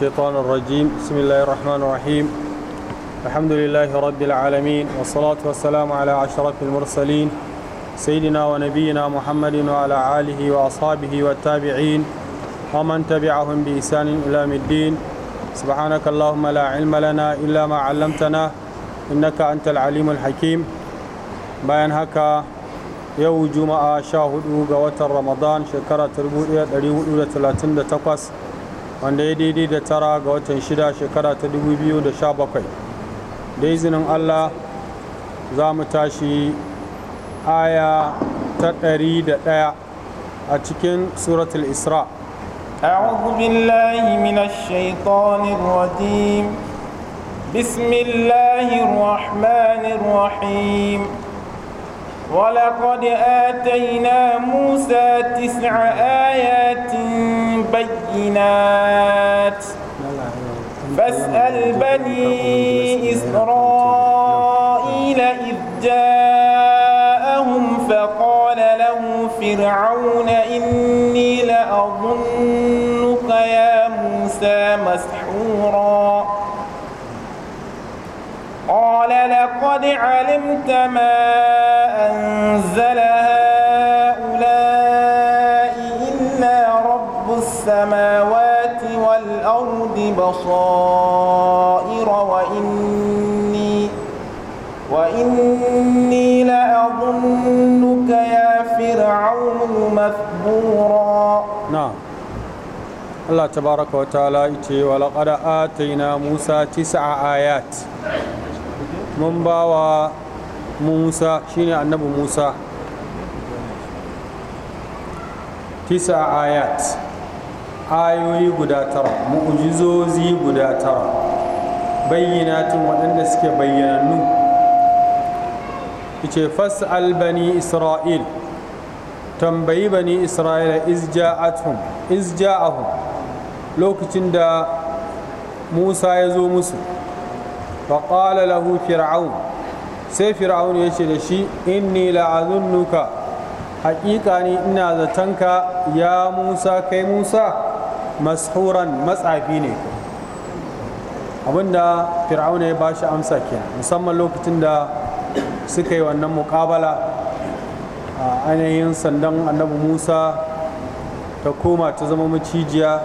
الشيطان الرجيم بسم الله الرحمن الرحيم الحمد لله رب العالمين والصلاة والسلام على أشرف المرسلين سيدنا ونبينا محمد وعلى آله وأصحابه والتابعين ومن تبعهم بإحسان إلى الدين سبحانك اللهم لا علم لنا إلا ما علمتنا إنك أنت العليم الحكيم بيان هكا يوم جمعة شاهدوا قوة رمضان شكرة تربوئة 438 wanda ya daidai da tara ga watan shida shekara ta 2017 da izinin allah za mu tashi aya ta 101 a cikin suratul isra أعوذ بالله من الشيطان الرجيم بسم الله الرحمن الرحيم ولقد آتينا موسى تسع آيات بينات فاسأل بني إسرائيل إذ جاءهم فقال له فرعون إني لأظنك يا موسى مسحورا قال لقد علمت ما السماوات والأرض بصائر وإني وإني لأظنك يا فرعون مثبورا نعم الله تبارك وتعالى إتي ولقد آتينا موسى تسع آيات من باوى موسى شيني النبي موسى تسع آيات ayoyi guda tara mu'ujizozi guda tara bayyanatin waɗanda suke bayyanannu ce fas'al bani isra'il tambayi bani isra'ila izja'atuhum izja'ahum lokacin da musa ya zo musu faƙala lahu fir'aun sai fir'aun ya ce da shi inni la'azunnuka haƙiƙa ne ina zatonka ya musa kai musa mashuran matsafi ne abinda fir'auna ya bashi amsa kenan musamman lokacin da suka yi wannan mukabala a ainihin sandan annabi musa ta koma ta zama macijiya